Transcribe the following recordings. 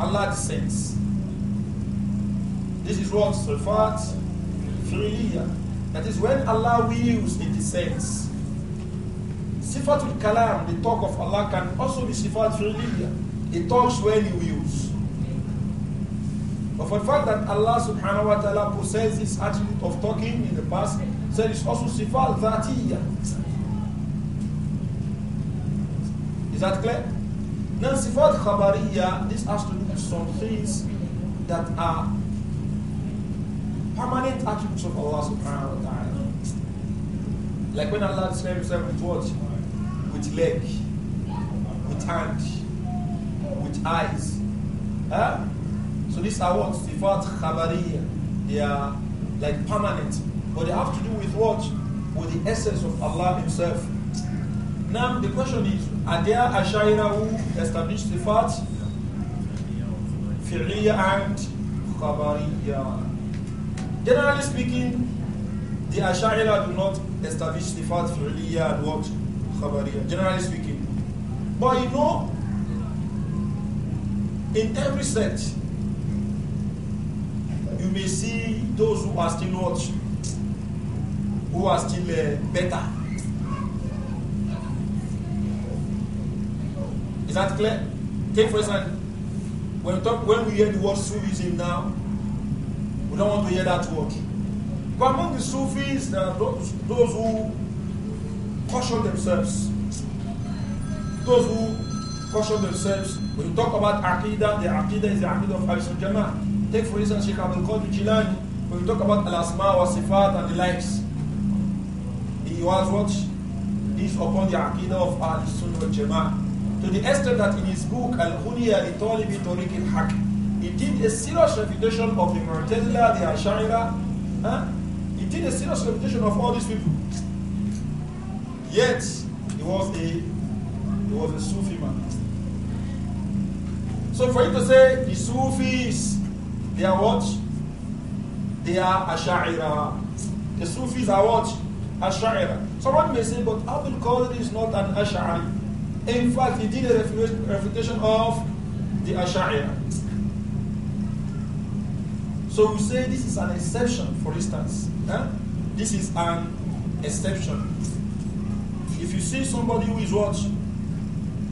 Allah says, This is what Sifat Fi'liya. That is when Allah wills, it descends. Sifatul Kalam, the talk of Allah, can also be Sifat Fi'liya. It talks when He wills. But for the fact that Allah subhanahu wa ta'ala possesses this attribute of talking in the past, so it's also Sifat Dhatiya. Is that clear? Now, Sifat Khabariya, this has to do with some things that are permanent attributes of Allah subhanahu wa ta'ala. Like when Allah describes himself with what? With leg, with hand, with eyes. Huh? So these are what? Sifat Khabariya. They are like permanent, but they have to do with what? With the essence of Allah Himself. Now the question is, are there Ashaira who established sifat? Fi'liya and Khabariya. Generally speaking, the Ashaira do not establish sifat fi'liya and what? Khabariya. Generally speaking. But you know, in every sect, you may see those who are still not, who are still uh, better Is that clear? Take for instance, when we, talk, when we hear the word Sufism now, we don't want to hear that word. But among the Sufis, there are those, those who caution themselves. Those who caution themselves. When you talk about Aqidah, the Aqidah is the Aqidah of Al Sunnah. Take for instance Sheikh Abdul Qadir Jilani. When you talk about Al Asma wa Sifat and the likes, he was what? This upon the Aqidah of Al Sunnah Jama'ah. To the extent that in his book, Al-Huliya li Talibi Tariq al-Haq, he did a serious refutation of the Mu'tazila, the Asha'ira. huh? he did a serious refutation of all these people. Yet, he was a, he was a Sufi man. So for you to say, the Sufis, they are what? They are Asha'ira. The Sufis are what? Ash'ira. Someone may say, but Abdul Qadir is not an Ash'ari. In fact, he did a refutation of the Ash'ariyah. So we say this is an exception, for instance. Eh? This is an exception. If you see somebody who is what?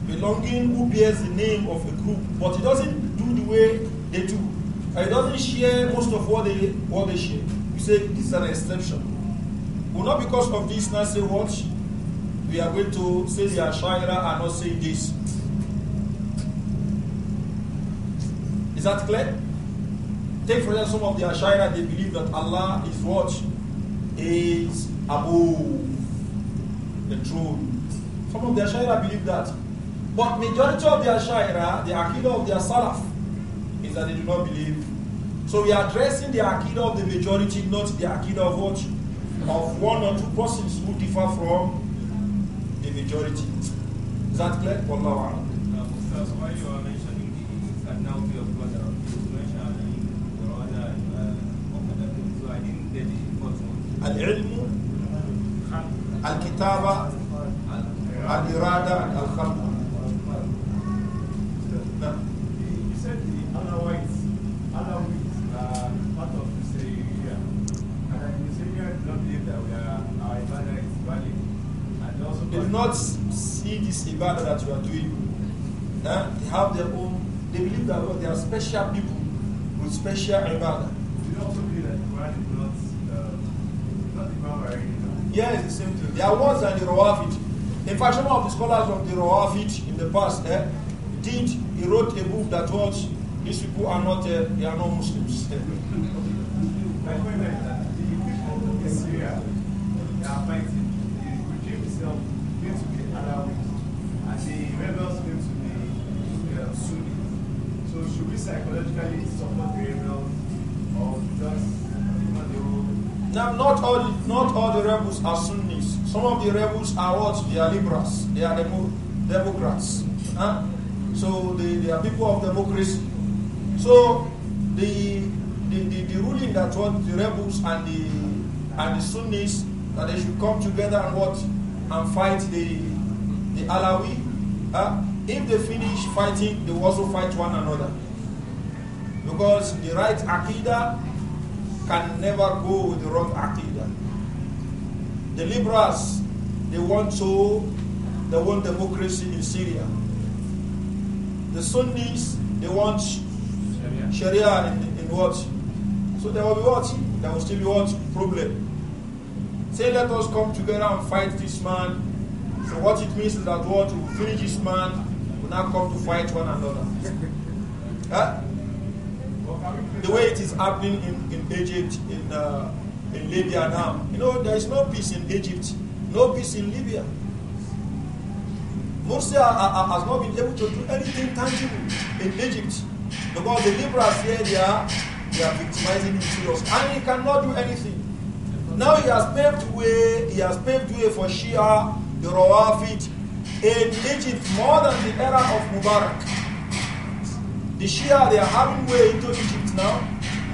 Belonging, who bears the name of a group, but he doesn't do the way they do, and he doesn't share most of what they, what they share, you say this is an exception. Well, not because of this, now say what? we are going to say the Ashaira are not saying this. Is that clear? Take for example some of the Ashaira, they believe that Allah is what? Is above the throne. Some of the Ashaira believe that. But majority of the Ashaira, the Aqidah of their Salaf, is that they do not believe. So we are addressing the Aqidah of the majority, not the Aqidah of what? Of one or two persons who differ from the majority. Is that clear? Wallahu a'lam. Uh, Ustaz, why you are mentioning the nature of brother, you mentioned the other uh, so I didn't get the first one. Al-ilmu, al-kitaba, al-irada, and al-khalqa. they do not see this ibadah that you are doing. they have their own, they believe that well, oh, they are special people with special ibadah. Do you also believe that Quran is not, uh, not Imam Yes, the same thing. There are ones the Rawafit. In fact, some of the scholars of the Rawafit in the past eh, did, he wrote a book that was, these people are not, uh, they are not Muslims. My point is that the people Syria, they are fighting the regime itself came to the Alawites, and the rebels came to the uh, Sunni. So should we psychologically support the rebels, or just even Now, not all, not all the rebels are Sunnis. Some of the rebels are what? They are liberals. They are demo, Democrats. Huh? So they, they are people of democracy. So the the, the, the, ruling that what the rebels and the and the Sunnis that they should come together and what and fight the, the Alawi, uh, if they finish fighting, they will also fight one another. Because the right Akida can never go with the wrong Akida. The liberals, they want to, they want democracy in Syria. The Sunnis, they want Sharia, Sharia in, in what? So there will be what? There will still be what? Problem. Say, let us come together and fight this man. So what it means is that what will finish this man will now come to fight one another. huh? The way it is happening in, in Egypt, in, uh, in Libya now, you know, there is no peace in Egypt, no peace in Libya. Morsi has not been able to do anything tangible in Egypt because the liberals here, they are, they are victimizing the seriously. And he cannot do anything. Now he has paved way, he has paved way for Shia, the Rawafid, in Egypt more than the era of Mubarak. The Shia, they are having way into Egypt now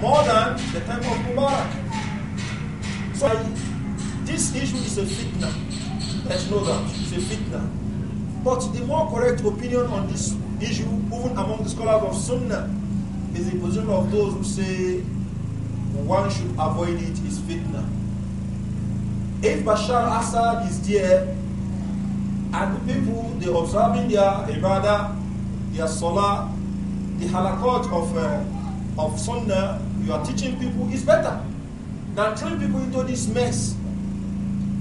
more than the time of Mubarak. So this issue is a fitna. Let's know that. It's a fitna. But the more correct opinion on this issue, even among the scholars of Sunnah, is the position of those who say one should avoid it is fitna. If Bashar Assad is there and the people, they observing their ibadah, their salah, the halakot of, uh, of sunnah you are teaching people is better than throwing people into this mess.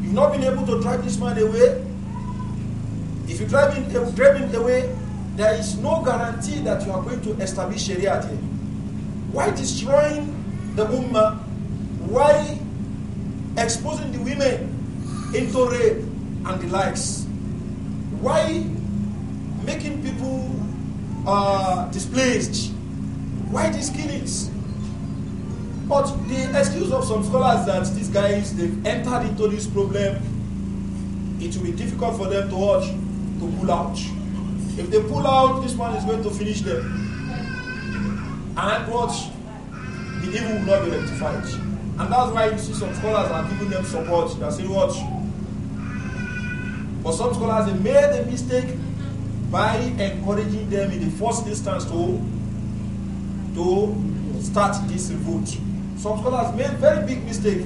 You've not been able to drive this man away. If you drive him, uh, drive him away, there is no guarantee that you are going to establish Sharia here. Why destroying the Ummah? Why exposing the women into rape and the likes? Why making people uh, displaced? Why these killings? But the excuse of some scholars that these guys they've entered into this problem, it will be difficult for them to watch, to pull out. If they pull out, this one is going to finish them. And what? The evil will not be rectified. And that's why you see some scholars are giving them support. They saying, watch. But some scholars they made a mistake by encouraging them in the first instance to, to start this revolt. Some scholars made very big mistake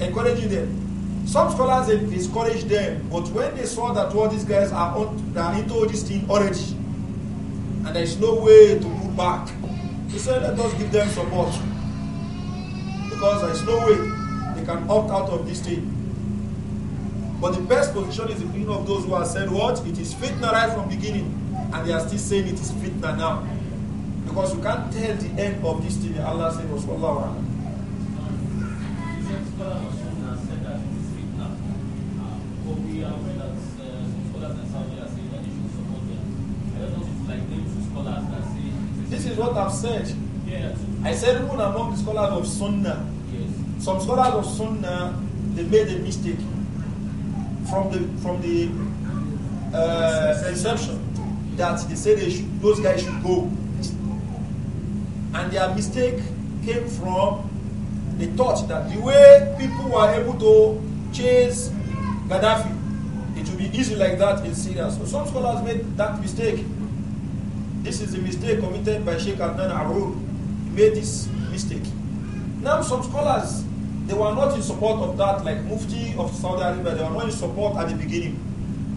encouraging them. Some scholars they discouraged them, but when they saw that all these guys are, on, are into this thing already, and there is no way to pull back, they said, let us give them support because there is no way they can opt out of this thing. But the best position is the opinion of those who have said what? It is fitna right from beginning. And they are still saying it is fitna now. Because you can't tell the end of this thing. Allah said, was Allah. This is what I've said. Yes. I said even among the scholars of Sunnah, yes. some scholars of Sunnah, they made a mistake from the from the uh, inception that they said they should, those guys should go. And their mistake came from the thought that the way people were able to chase Gaddafi, it will be easy like that in Syria. So some scholars made that mistake. This is a mistake committed by Sheikh Adnan Arun made this mistake. Now, some scholars, they were not in support of that, like Mufti of Saudi Arabia, they were not in support at the beginning.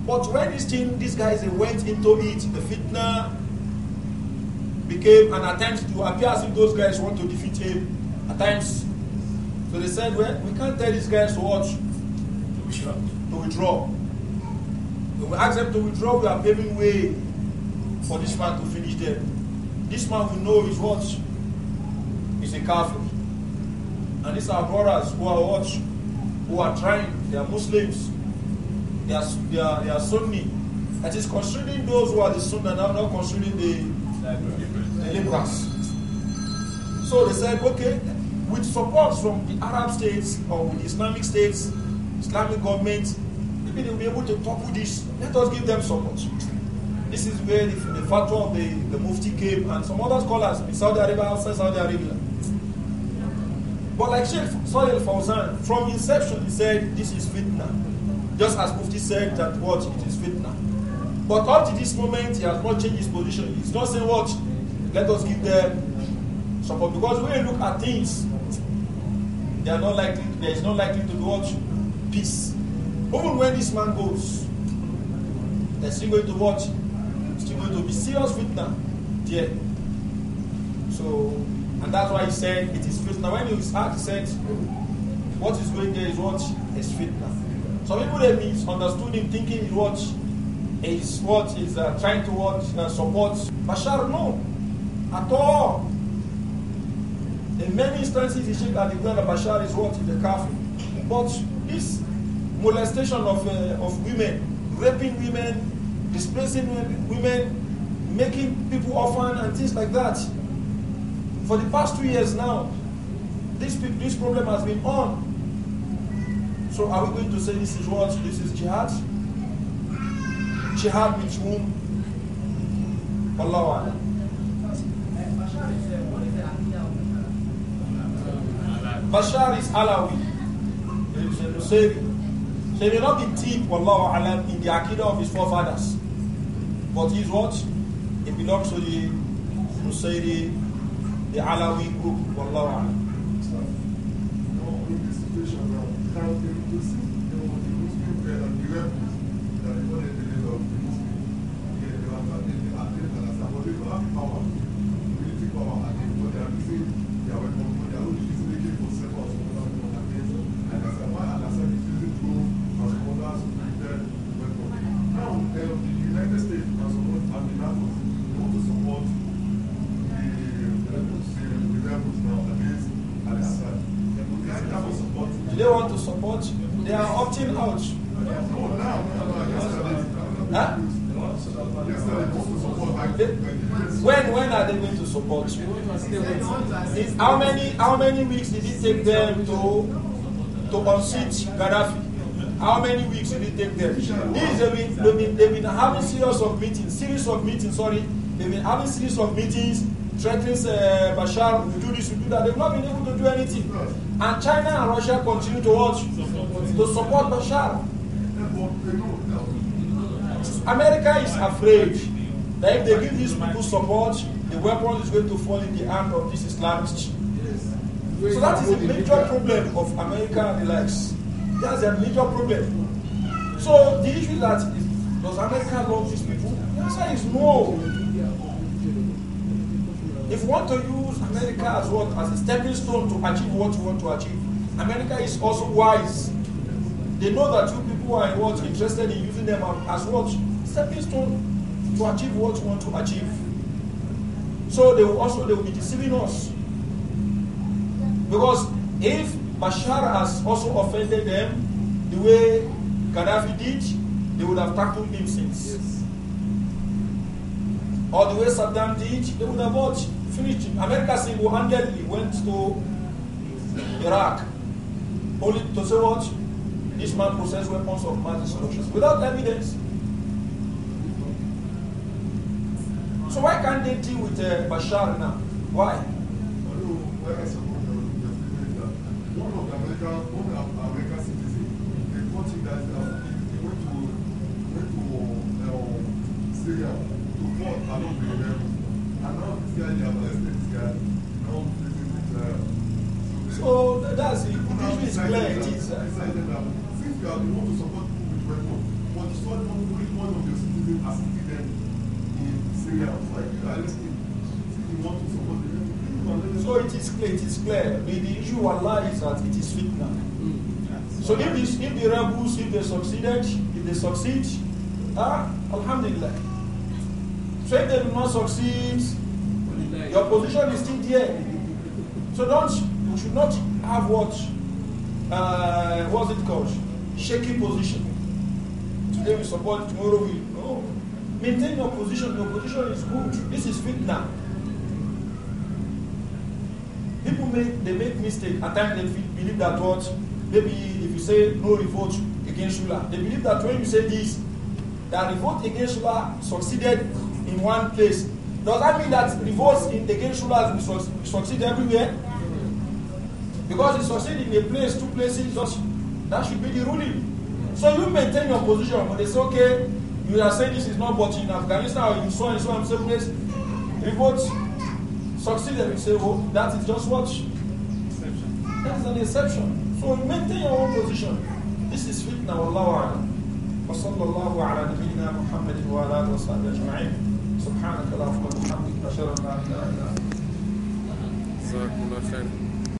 But when this thing, these guys, they went into it, the fitna became an attempt to appear as if those guys want to defeat him at times. So they said, well, we can't tell these guys to watch, To withdraw. To withdraw. When we ask them to withdraw, we are paving way for this man to finish them. This man we know is what? is a kafir. And these are brothers who are what? Who are trying, they are Muslims, they are, they are, they are Sunni. That is considering those who are the Sunni now not considering the, the liberals. So they said, okay, with support from the Arab states or with Islamic states, Islamic government, maybe they'll be able to topple this. Let us give them support. This is where the, the fatwa of the, the Mufti came and some other scholars in Saudi Arabia, outside Saudi Arabia. But like Sheikh Salih Fawzan, from inception, he said this is fitna. Just as Mufti said that what it is fitna. But up to this moment, he has not changed his position. He's not saying what let us give them support because when you look at things, they are not likely. There is not likely to be what peace. Even when this man goes, they're still going to watch. Still going to be serious fitna. Yeah. So and that's why he said it is fitna. When he was asked, he said, What is going there is what is fitna. Some people they misunderstood him thinking is what is what is uh, trying to what uh, support Bashar. No, at all. In many instances, he said that the word of Bashar is what is the kafir. But this molestation of, uh, of women, raping women, displacing women, making people orphan and things like that. For the past two years now, this, this problem has been on. So are we going to say this is what? This is jihad? Jihad with whom? Allah Allah. Bashar is uh, Alawi. is a So he may not be deep, Wallahu Alam, in the Akidah of his forefathers. But he's what? He belongs to the Nusayri the Alawi group. Wallahu a'lam. when when are they going to support you? Is, how many how many weeks did it take them to to unseat Gaddafi? How many weeks did it take them? These have been, they've been, they've been having series of meetings, series of meetings, sorry. They've been having series of meetings, threatening uh, Bashar, we do this, we do that. They've not been able to do anything. And China and Russia continue to watch, to support Bashar. America is afraid that if they give these people support, the weapon is going to fall in the hand of these Islamists. Yes. So that is a major problem of America and the likes. That's a major problem. So the issue that does America love these people? The answer is no. If you want to use America as what as a stepping stone to achieve what you want to achieve, America is also wise. They know that you people are what interested in using them as what stepping stone to achieve what we want to achieve. So they will also they will be deceiving us. Because if Bashar has also offended them the way Gaddafi did, they would have tackled him since. Yes. Or the way Saddam did, they would have watched, finished him. America single-handedly went to Iraq only to say what? This man possessed weapons of mass destruction without evidence. So why can't they deal with uh, Bashar now? Why? One of American citizens, they to to along with them. so that's it. People now decided that, since you are the one to support people with weapons, one of your citizens as citizens so it is clear, it is clear. The, the issue Allah is that it is fitna. Mm. So if, this, if the rebels, if they succeeded, if they succeed, ah, alhamdulillah. So if they do not succeed, your position is still there. So don't, you should not have what, uh, what's it called? Shaky position. Today we support, tomorrow we, no. Maintain your position. Your position is good. This is fitna. People make they make mistake. At times they believe that what maybe if you say no revolt against Shula, they believe that when you say this, that revolt against Shula succeeded in one place. Does that mean that revolt against Shula will succeed everywhere? Because it succeeded in a place, two places, just, that should be the ruling. So you maintain your position, but they say, okay, you are saying this is not, but in Afghanistan or in so and so and so place, revolt succeeded. We say, oh, that is just what? Exception. That is an exception. So maintain your own position. This is fitna, wallahu a'lam. وصلى الله على نبينا محمد وعلى اله وصحبه اجمعين سبحانك اللهم وبحمدك اشهد ان لا اله الا انت جزاكم الله خير